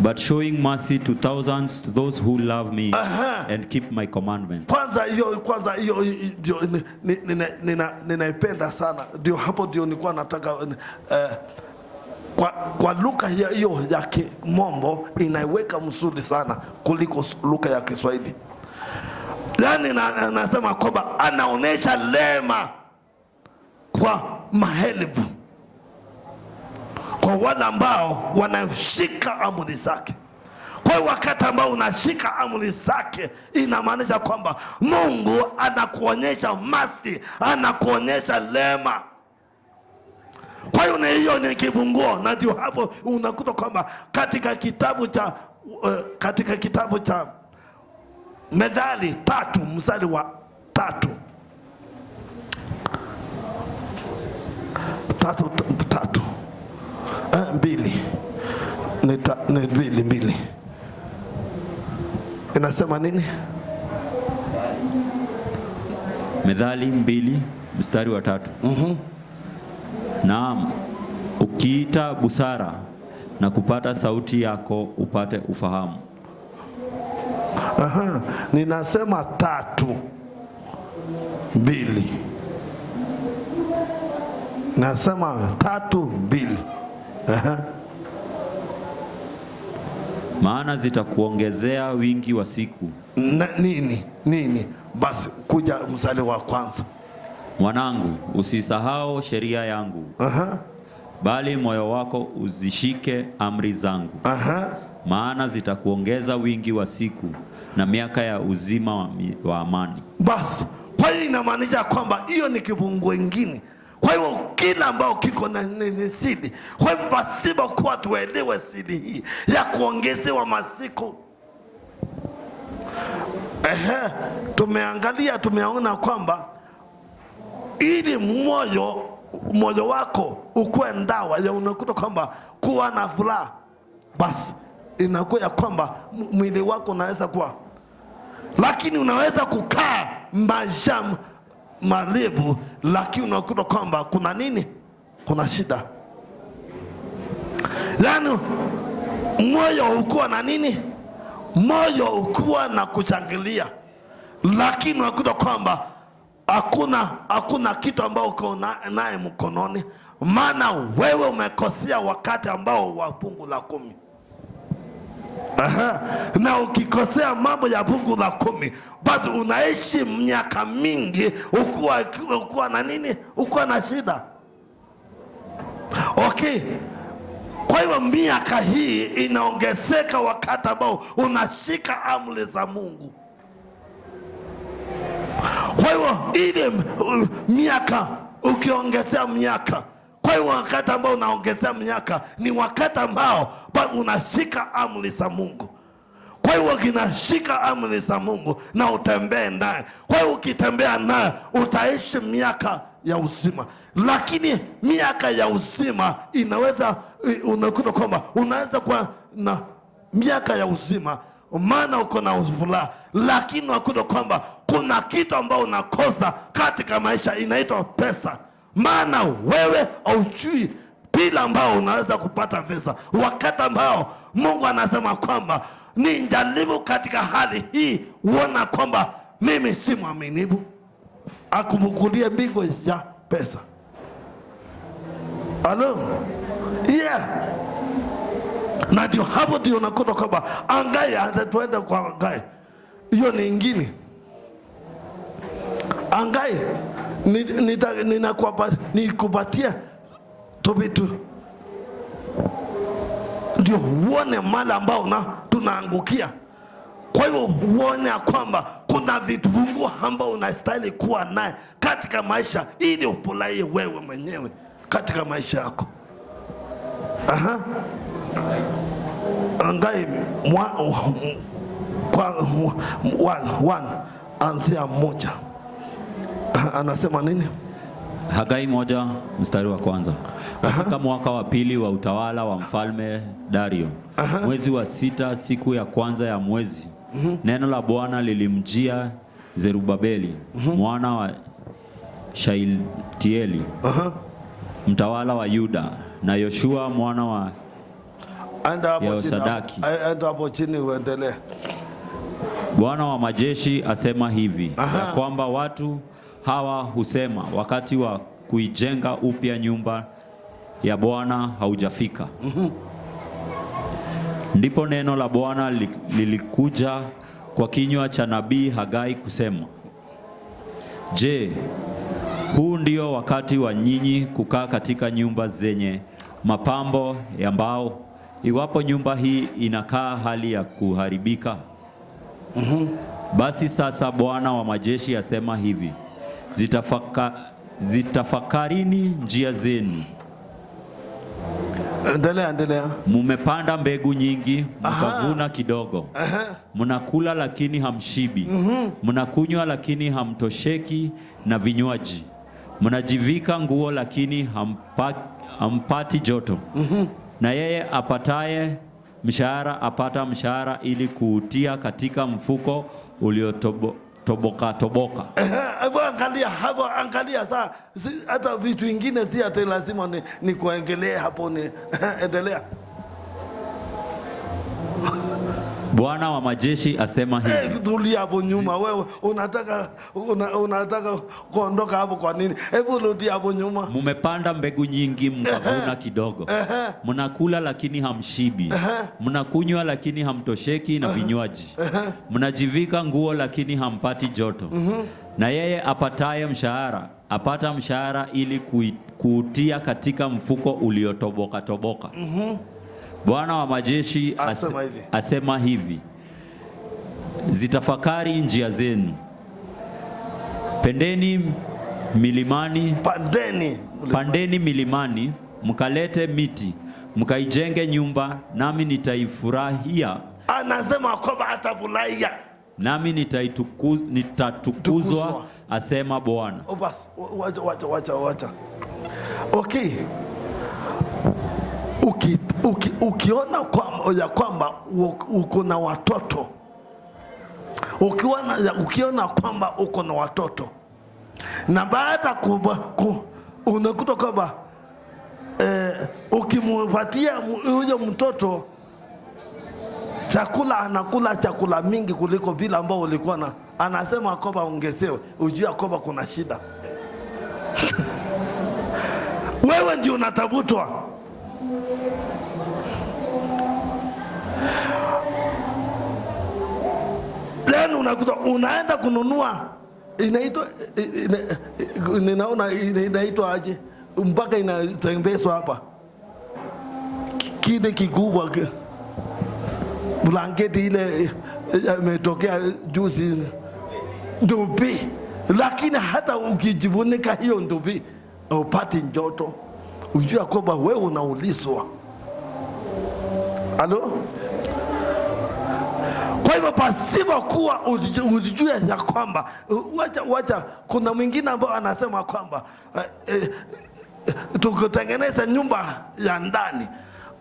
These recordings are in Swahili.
But showing mercy to thousands to those who love me Aha. and keep my commandments Kwanza hiyo kwanza hiyo ndio ninaipenda sana, ndio hapo ndio nilikuwa nataka eh, kwa, kwa Luka hiyo ya Kimombo inaiweka mzuri sana kuliko Luka ya Kiswahili. yaani anasema na, kwamba anaonesha lema kwa maelfu kwa wale ambao wanashika amri zake. Kwa hiyo wakati ambao unashika amri zake, inamaanisha kwamba Mungu anakuonyesha masi, anakuonyesha lema. Kwa hiyo na hiyo ni kibunguo, na ndio hapo unakuta kwamba katika kitabu cha uh, katika kitabu cha Methali tatu mstari wa tatu tatu mbili nita, ni mbili mbili inasema nini? Methali mbili mstari wa tatu. mm -hmm. Naam, ukiita busara na kupata sauti yako upate ufahamu. Aha, ninasema tatu mbili, nasema tatu mbili. Aha. Maana zitakuongezea wingi wa siku na, nini nini basi kuja msali wa kwanza mwanangu usisahau sheria yangu Aha. bali moyo wako uzishike amri zangu Aha. maana zitakuongeza wingi wa siku na miaka ya uzima wa, wa amani basi kwa hiyo inamaanisha kwamba hiyo ni kifungu kingine kwa hiyo kila ambao kiko na nini sidi, kwa hiyo pasipo kuwa tuelewe sidi hii ya kuongezewa masiku. Ehe, tumeangalia tumeona kwamba ili moyo moyo wako ukuwe ndawa ya unakuta kwamba kuwa na furaha, basi inakuwa ya kwamba mwili wako unaweza kuwa, lakini unaweza kukaa maisha marevu, lakini unakuta kwamba kuna nini? Kuna shida, yaani moyo ukuwa na nini? Moyo ukuwa na kuchangilia, lakini unakuta kwamba hakuna hakuna kitu ambao uko naye mkononi, maana wewe umekosea wakati ambao wa fungu la kumi. Aha. Na ukikosea mambo ya fungu la kumi basi unaishi miaka mingi ukuwa, ukuwa na nini, ukuwa na shida okay. Kwa hiyo miaka hii inaongezeka wakati ambao unashika amri za Mungu. Kwa hiyo ile uh, miaka ukiongezea miaka kwa hiyo wakati ambao unaongezea miaka ni wakati ambao unashika amri za Mungu. Kwa hiyo ukinashika amri za Mungu na utembee naye, kwa hiyo ukitembea naye utaishi miaka ya uzima. Lakini miaka ya uzima inaweza, unakuta kwamba unaweza kuwa na miaka ya uzima, maana uko na furaha, lakini unakuta kwamba kuna kitu ambao unakosa katika maisha, inaitwa pesa maana wewe auchui bila ambao unaweza kupata pesa, wakati ambao Mungu anasema kwamba ni jaribu katika hali hii, uona kwamba mimi si mwaminivu, akumukulie mbingo ya pesa. Halo, yeah. Na ndio hapo ndio nakuta kwamba angai, hata kwa angai, hiyo ni ingine angai nikupatia tu vitu ndio uone mali ambao na tunaangukia. Kwa hivyo uone ya kwamba kuna vitunguu ambao unastahili kuwa naye katika maisha ili upulaie wewe mwenyewe katika maisha yako. Aha. Angai mwa, mwa, mwa, mwa, anzia moja anasema nini? Hagai moja mstari wa kwanza. Katika mwaka wa pili wa utawala wa mfalme Dario, Aha. mwezi wa sita, siku ya kwanza ya mwezi, mm -hmm. neno la Bwana lilimjia Zerubabeli, mm -hmm. mwana wa Shailtieli, Aha. mtawala wa Yuda, na Yoshua mwana wa Yehosadaki. Eh, Enda hapo chini uendelee. Bwana wa majeshi asema hivi ya kwamba watu hawa husema wakati wa kuijenga upya nyumba ya Bwana haujafika. mm -hmm. Ndipo neno la Bwana lilikuja kwa kinywa cha nabii Hagai kusema, je, huu ndio wakati wa nyinyi kukaa katika nyumba zenye mapambo ya mbao, iwapo nyumba hii inakaa hali ya kuharibika? mm -hmm. Basi sasa Bwana wa majeshi asema hivi zitafaka, zitafakarini njia zenu. Endelea, endelea. Mumepanda mbegu nyingi mkavuna kidogo. Aha. Mnakula lakini hamshibi. Mm-hmm. Mnakunywa lakini hamtosheki na vinywaji. Mnajivika nguo lakini hampa, hampati joto. Mm-hmm. Na yeye apataye mshahara apata mshahara ili kuutia katika mfuko uliotobo toboka toboka. Hebu angalia hapo, angalia saa, hata vitu vingine si hata lazima ni nikuengelee hapo, ni endelea Bwana wa majeshi asema hivi. Hey, tulia hapo nyuma wewe, unataka una, unataka kuondoka hapo kwa nini? Hebu rudi hapo nyuma. Mumepanda mbegu nyingi mkavuna kidogo, mnakula lakini hamshibi, mnakunywa lakini hamtosheki na vinywaji, mnajivika nguo lakini hampati joto. Mhm. Na yeye apataye mshahara apata mshahara ili kuutia katika mfuko uliotoboka toboka. Mhm. Bwana wa majeshi asema, hivi. asema hivi zitafakari njia zenu, pendeni milimani, pandeni, pandeni milimani mkalete miti mkaijenge nyumba, nami nitaifurahia. Anasema kwamba atabulaya nami nitaitukuz, nitatukuzwa, asema Bwana. okay uki, uki, ukiona kwa, ya kwamba uko na watoto ukiona, ukiona kwamba uko na watoto na baada ku, unakuta kwamba eh, ukimupatia huyo mtoto chakula anakula chakula mingi kuliko vile ambao ulikuwa na, anasema kwamba ongezewe, ujua kwamba kuna shida wewe ndio unatabutwa. Leo unakuta unaenda kununua inaitwa ninaona inaitwa aje, mpaka inatembezwa hapa kile kikubwa blanketi ile imetokea juzi, ndupi, Lakini hata ukijivunika hiyo ndubi upati njoto ujua kwamba wewe unaulizwa. Alo, kwa hivyo pasipo kuwa ujue ya kwamba wacha wacha, kuna mwingine ambao anasema kwamba eh, eh, tukutengeneza nyumba ya ndani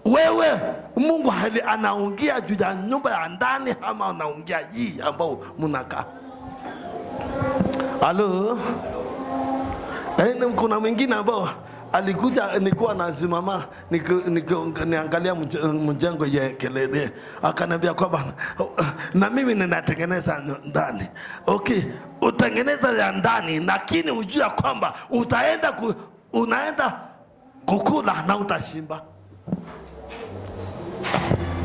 wewe Mungu hali anaongea juu ya nyumba ya ndani ama anaongea hii ambao munakaa? Halo, eh, kuna mwingine ambao alikuja nikuwa nasimama niangalia mjengo ya kelele, akaniambia kwamba na mimi ninatengeneza ndani. Okay, utengeneza ya ndani, lakini ujue ya kwamba utaenda ku, unaenda kukula na utashimba.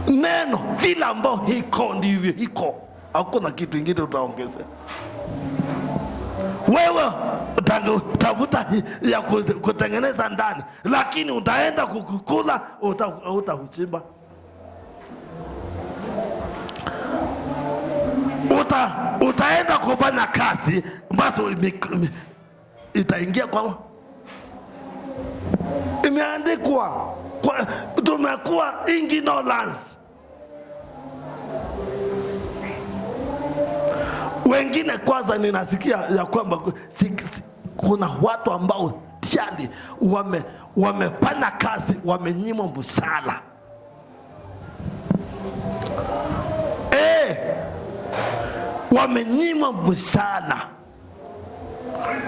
Neno vile ambao hiko ndivyo hiko, hakuna kitu ingine utaongezea wewe utavuta ya kutengeneza ndani, lakini utaenda kukula utahuchimba uta, utaenda kufanya kazi ambazo itaingia kwa imeandikwa, tumekuwa ingi no lands wengine kwanza, ninasikia ya kwamba kuna watu ambao tiali wame wamefanya kazi, wamenyimwa msala e, eh, wamenyimwa msala.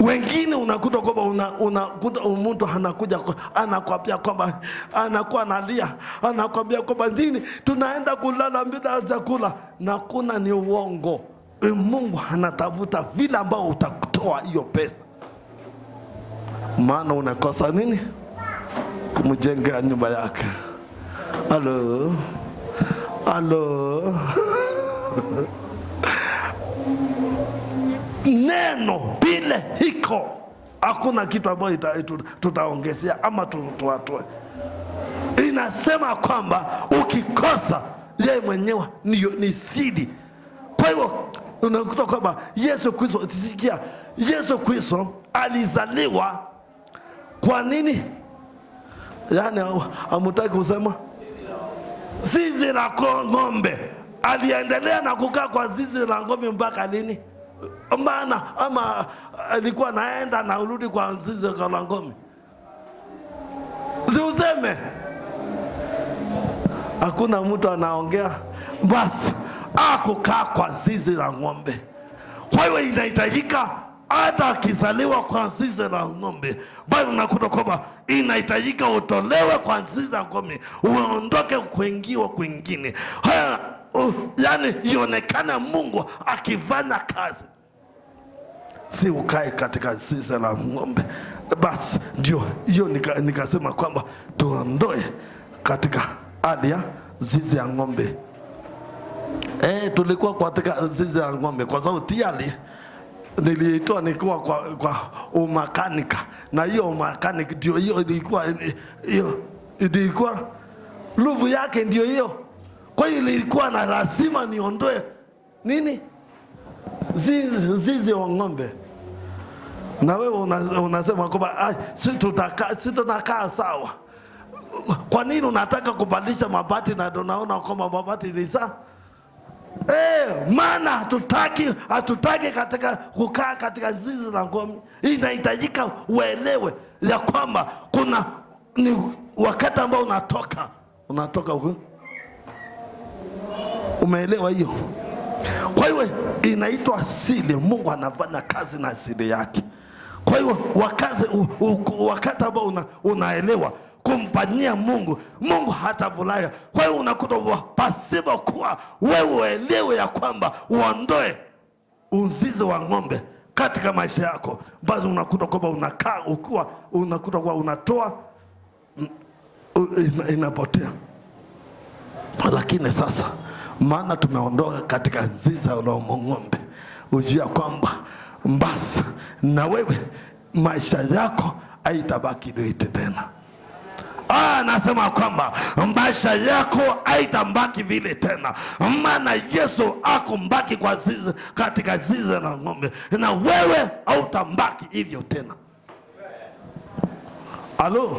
Wengine unakuta kwamba unakuta una, mtu anakuja anakwambia kwamba anakuwa analia, anakwambia kwamba nini, tunaenda kulala bila chakula, na kuna ni uongo Eh, Mungu anatafuta vile ambao utakutoa hiyo pesa, maana unakosa nini? Kumjengea nyumba yake. Halo, halo. Neno bile hiko hakuna kitu ambayo tutaongezea ama tuwatoe. Inasema kwamba ukikosa yeye mwenyewe ni sidi. Kwa hivyo unakuta kwamba Yesu Kristo, sikia, Yesu Kristo alizaliwa kwa nini? Yaani amutaki kusema zizi la ng'ombe. Aliendelea na kukaa kwa zizi la ng'ombe mpaka lini? Maana ama alikuwa naenda na urudi kwa zizi la ng'ombe? Siuseme hakuna mtu anaongea basi a ah, kukaa kwa zizi la ng'ombe. Kwa hiyo inahitajika hata akizaliwa kwa zizi la ng'ombe, bali unakuta kwamba inahitajika utolewe kwa zizi la ng'ombe, uondoke kwingiwa kwingine, yaani ionekane Mungu akifanya kazi, si ukae katika zizi la ng'ombe. Basi ndio hiyo nikasema nika kwamba tuondoe katika hali ya zizi ya ng'ombe. Eh, tulikuwa katika zizi la ng'ombe kwa sababu tiari niliitwa nikiwa kwa, kwa umakanika na hiyo umakanika ndio hiyo ilikuwa hiyo ilikuwa lubu yake ndio hiyo. Kwa hiyo ilikuwa na lazima niondoe nini zizi, zizi wa ng'ombe. Na wewe unasema kwamba ah, si tunakaa sawa, kwa nini unataka kubadilisha mabati na unaona kwamba mabati ni sawa? Eh, maana hatutaki hatutaki katika kukaa katika zizi la ng'ombe. Inahitajika uelewe ya kwamba kuna ni wakati ambao unatoka unatoka huko, umeelewa hiyo? Kwa hiyo inaitwa asili. Mungu anafanya kazi na asili yake. Kwa hiyo wakazi, wakati ambao una, unaelewa kumpania Mungu, Mungu hatavulaya. Kwa hiyo unakuta pasipo kuwa wewe uelewe ya kwamba uondoe uzizi wa ng'ombe katika maisha yako, basi unakuta kwamba unakaa ukiwa, unakuta kwa unatoa mm, inapotea. Lakini sasa maana tumeondoka katika zizi la ng'ombe, ujua kwamba basi na wewe maisha yako haitabaki duiti tena anasema ah, kwamba maisha yako haitambaki vile tena, maana Yesu akumbaki kwa zizi, katika zizi la ng'ombe, na wewe hautambaki hivyo tena. Halo,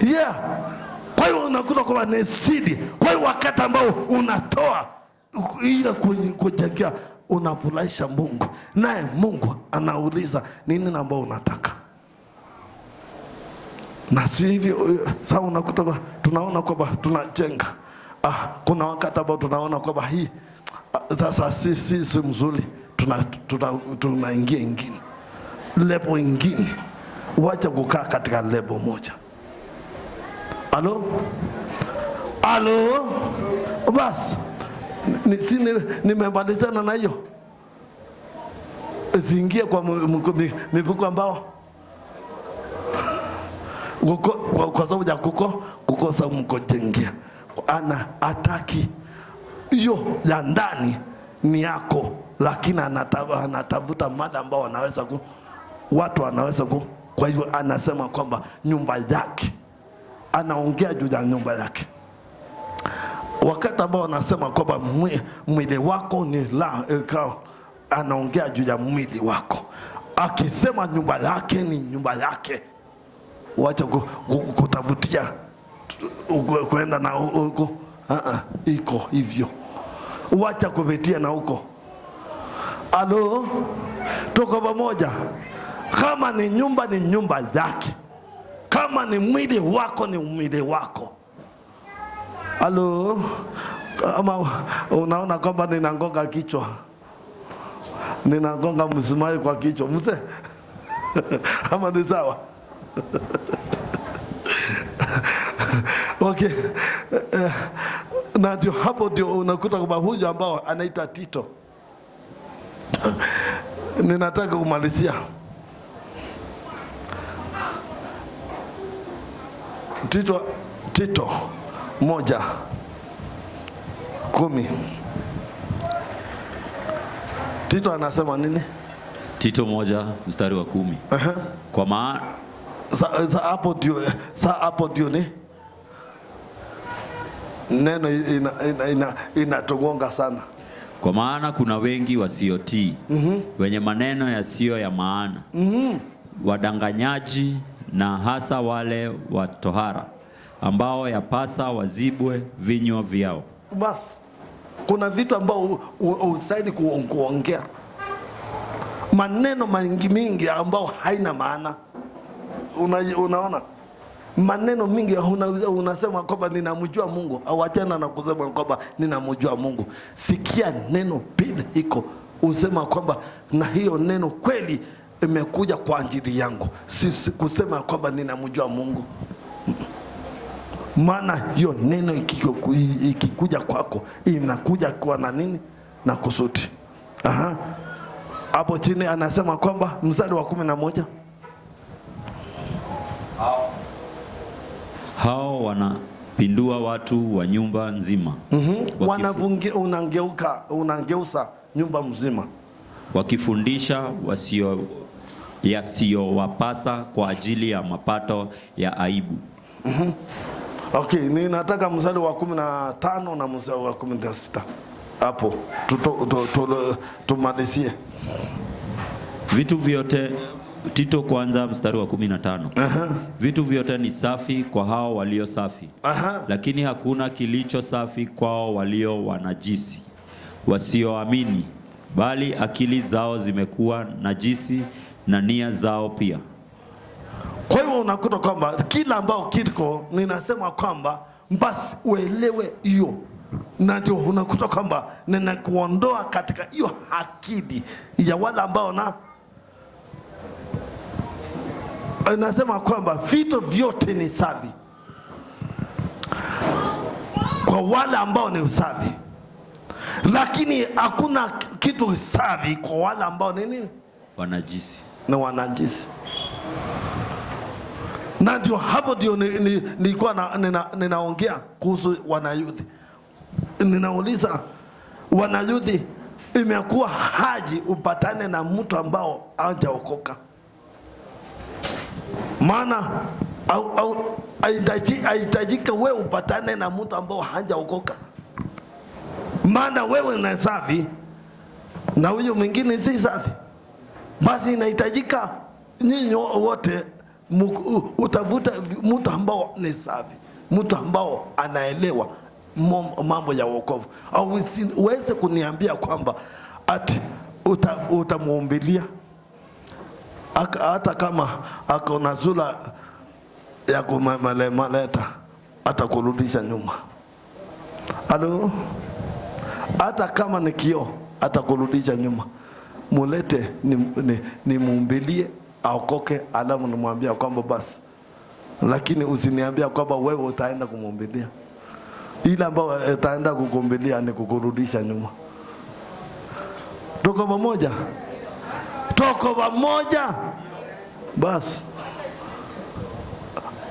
yeah. Kwa hiyo unakuta kwamba ni sidi. Kwa hiyo wakati ambao unatoa ile kujengea, unafurahisha Mungu, naye Mungu anauliza nini ambao unataka na si hivi eh, sasa, unakuta tunaona kwamba tunajenga ah, kuna wakati ambao tunaona kwamba hii ah, sasa si si si mzuri, tunaingia tuna, ingine lebo ingine. Wacha kukaa katika lebo moja. Halo, halo, basi nimemalizana ni hiyo ziingie kwa mivuko ambao kuko, kwa, kwa sababu ya kuko kukosa mkojengea ana ataki hiyo ya ndani ni yako, lakini anatafuta mada ambao wanaweza ku watu wanaweza ku. Kwa hivyo anasema kwamba nyumba yake, anaongea juu ya nyumba yake, wakati ambao wanasema kwamba mwili wako ni la ikao, eh, anaongea juu ya mwili wako, akisema nyumba yake ni nyumba yake wacha kutavutia kwenda na huko. Uh ah, -uh. Ah, iko hivyo, wacha kupitia na huko. Alo, tuko pamoja? Kama ni nyumba ni nyumba yake, kama ni mwili wako ni mwili wako. Alo, kama unaona kwamba ninangonga kichwa, ninangonga msimai kwa kichwa mse ama ni sawa? Okay. Eh, na ndio hapo ndio unakuta kwamba huyu ambao anaitwa Tito ninataka kumalizia Tito, Tito moja kumi. Tito anasema nini? Tito moja mstari wa kumi. Uh -huh. Kwa maana hapo ndio sa hapo ndio ni neno inatugonga ina, ina, ina sana, kwa maana kuna wengi wasiotii mm -hmm. wenye maneno yasiyo ya maana mm -hmm. wadanganyaji na hasa wale wa tohara ambao yapasa wazibwe vinywa vyao. Basi kuna vitu ambao usaidi kuongea maneno mengi mingi ambao haina maana una, unaona maneno mingi una, unasema kwamba ninamjua Mungu, awachana na kusema kwamba ninamjua Mungu. Sikia neno pili hiko usema kwamba na hiyo neno kweli imekuja kwa ajili yangu, si kusema kwamba ninamjua Mungu. Maana hiyo neno ikikuja kwako inakuja kwa na nini na kusudi. Aha, hapo chini anasema kwamba mstari wa kumi na moja hao wanapindua watu wa nyumba nzima mm -hmm. Wanavunge, unangeuka, unangeusa nyumba mzima wakifundisha wasio yasiyowapasa kwa ajili ya mapato ya aibu. mm -hmm. Okay, ninataka mstari wa 15 na mstari wa 16 hapo tumalizie vitu vyote Tito kwanza mstari wa 15. Aha. Vitu vyote ni safi kwa hao walio safi. Aha. Lakini hakuna kilicho safi kwao walio wanajisi wasioamini, bali akili zao zimekuwa najisi na nia zao pia. Kwa hiyo unakuta kwamba kila ambao kiko ninasema kwamba basi uelewe hiyo, na ndio unakuta kwamba ninakuondoa katika hiyo akili ya wale ambao na anasema eh, kwamba vitu vyote ni safi kwa wale ambao ni usafi, lakini hakuna kitu safi kwa wale ambao ni nini? Wanajisi. Ni wanajisi. Na ndio hapo ndio nilikuwa ninaongea kuhusu wanayudhi, ninauliza wanayudhi, imekuwa haji upatane na mtu ambao hajaokoka maana au, au ahitajika wewe upatane na mtu ambao hajaokoka, maana wewe ni safi na huyu mwingine si safi. Basi inahitajika nyinyi wote utafuta mtu ambao ni safi, mtu ambao anaelewa mambo ya wokovu, au uweze kuniambia kwamba ati utamuumbilia uta hata kama ako na zula ya kumelemaleta atakurudisha nyuma. Alo, hata kama ni kioo atakurudisha nyuma. Mulete nimumbilie ni, ni aokoke, alafu nimwambia kwamba basi, lakini usiniambia kwamba wewe utaenda kumumbilia. Ile ambayo eh, utaenda kukumbilia ni kukurudisha nyuma. Tuko pamoja? tuko pamoja. Basi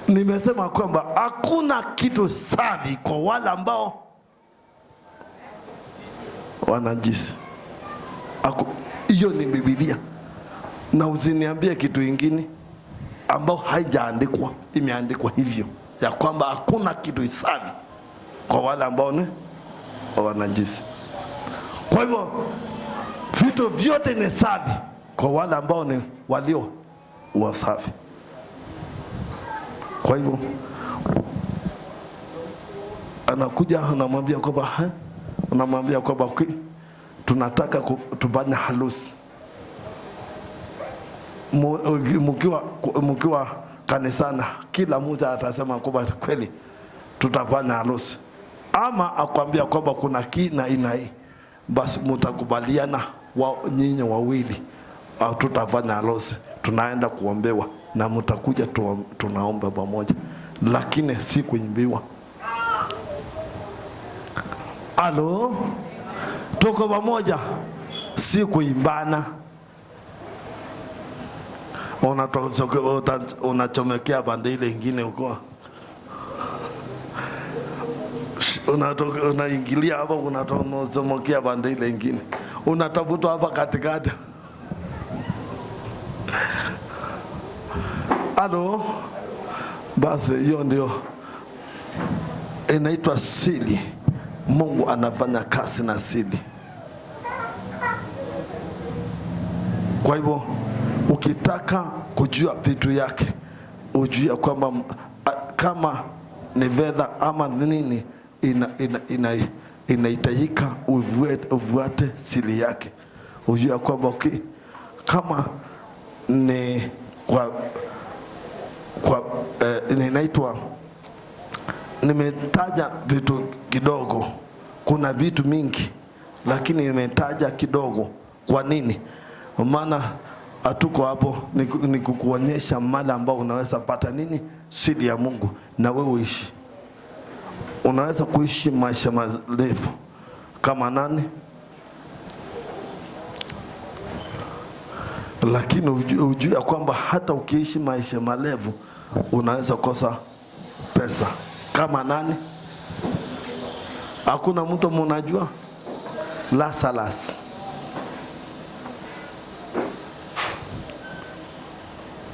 nimesema kwamba hakuna kitu safi kwa wale ambao wanajisi. Hiyo ni Biblia, na usiniambie kitu ingine ambao haijaandikwa. Imeandikwa hivyo ya kwamba hakuna kitu safi kwa wale ambao ni wanajisi. Kwa hivyo vitu vyote ni safi kwa wale ambao ni walio wasafi. Kwa hivyo anakuja anamwambia kwamba anamwambia kwamba tunataka tufanye harusi mkiwa mkiwa kanisana, kila mtu atasema kwamba kweli tutafanya harusi, ama akwambia kwamba kuna kina hii, basi mutakubaliana wa nyinyi wawili hatutafanya harusi, tunaenda kuombewa na mtakuja tu, tunaomba pamoja, lakini si kuimbiwa. Halo, tuko pamoja, si kuimbana. Unachomekea pande ile ingine huko unaingilia hapa, unachomekea pande ile ingine, unatafutwa hapa katikati Halo, basi hiyo ndio inaitwa siri. Mungu anafanya kazi na siri. Kwa hivyo ukitaka kujua vitu yake ujua kwamba kama ni fedha ama nini inahitajika ina, ina, ina ufuate siri yake, ujua kwamba okay, kama ni kwa, kwa eh, inaitwa nimetaja vitu kidogo. Kuna vitu mingi lakini nimetaja kidogo. Kwa nini? Maana hatuko hapo ni kukuonyesha mali ambao unaweza pata nini siri ya Mungu na wewe uishi, unaweza kuishi maisha marefu kama nani? lakini hujui ya kwamba hata ukiishi maisha malevu unaweza kosa pesa kama nani? Hakuna mtu munajua Lazarus.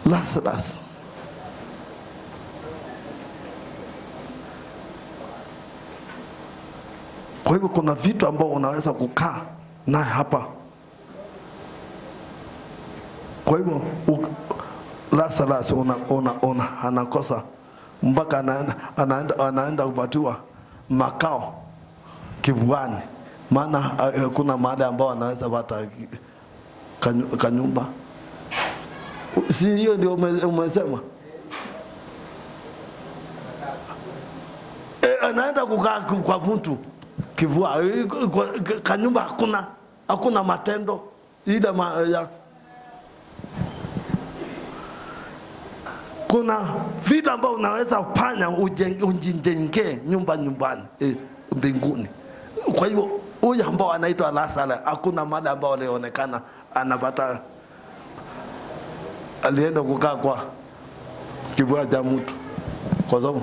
Lazarus kwa hivyo kuna vitu ambao unaweza kukaa naye hapa kwa hivyo Lazarus una, una, una, anakosa mpaka anaenda, anaenda, anaenda kupatiwa makao kibwani, maana hakuna e, mahali ambao anaweza pata kanyumba. Si hiyo ndio umesema? E, anaenda kukaa kwa mtu kivua e, kanyumba, hakuna hakuna matendo ma, ya kuna vile ambao unaweza fanya ujijengee nyumba nyumbani e, mbinguni. Kwa hivyo huyu ambao anaitwa Lazaro hakuna mali ambao alionekana anapata, alienda kukaa kwa kibwa cha mtu, kwa sababu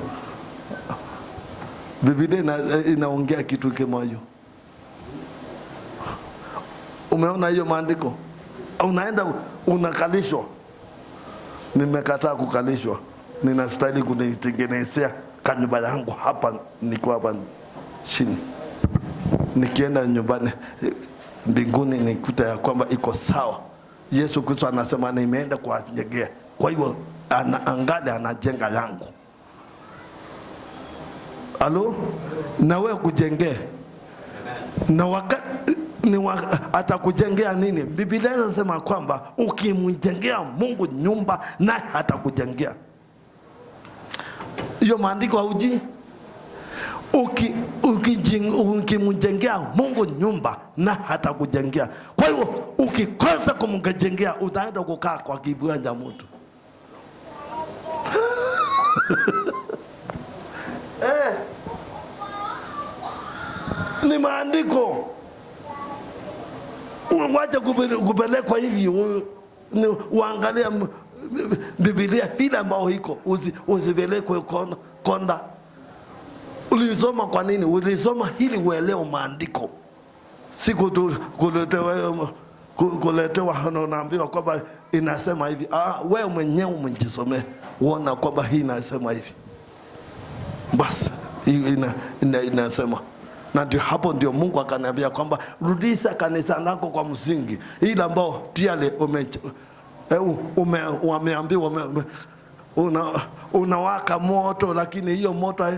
Biblia inaongea kitu hiyo. Umeona hiyo maandiko, unaenda unakalishwa nimekataa kukalishwa, ninastahili kunitengenezea kanyumba yangu hapa, niko hapa chini, nikienda nyumbani mbinguni nikuta ya kwamba iko sawa. Yesu Kristo anasema nimeenda kuwanyegea, kwa hivyo ana, angali anajenga yangu. Alo, nawe kujengee na wakati atakujengea nini? Biblia inasema kwamba ukimjengea Mungu nyumba naye atakujengea hiyo. Maandiko hauji ukimjengea uki, uki Mungu nyumba na atakujengea. Kwa hiyo ukikosa kumjengea utaenda kukaa kwa kibwanja mtu eh. Ni maandiko waje kupelekwa hivi, uangalia Biblia vile ambao iko, usipelekwe konda. Ulisoma kwa nini? Ulisoma ili uelewe maandiko, si kuletewa kuletewa, unaambiwa kwamba inasema hivi. Ah, wewe mwenyewe umejisomea, uona kwamba hii inasema hivi, basi ina, ina, inasema na ndio hapo ndio Mungu akaniambia kwamba rudisha kanisa lako kwa msingi ile ambao tiale ume, eh, ume, wameambiwa ume, una, unawaka moto lakini hiyo moto hai,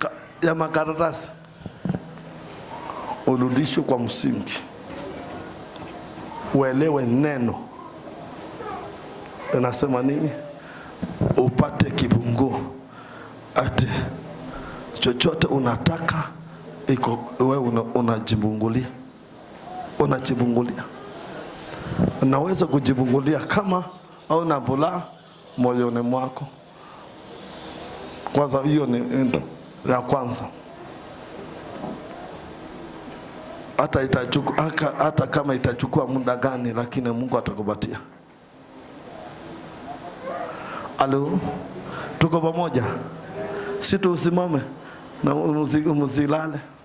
eh, ya makaratasi urudishwe kwa msingi, uelewe neno inasema nini, upate kibunguo ati chochote unataka iko wewe unajibungulia, una unajibungulia, unaweza kujibungulia kama au na bula moyoni mwako kwanza. Hiyo ni ya kwanza. Hata, itachukua, hata, kama itachukua muda gani, lakini Mungu atakubatia Alo, tuko pamoja, si tusimame na muzilale.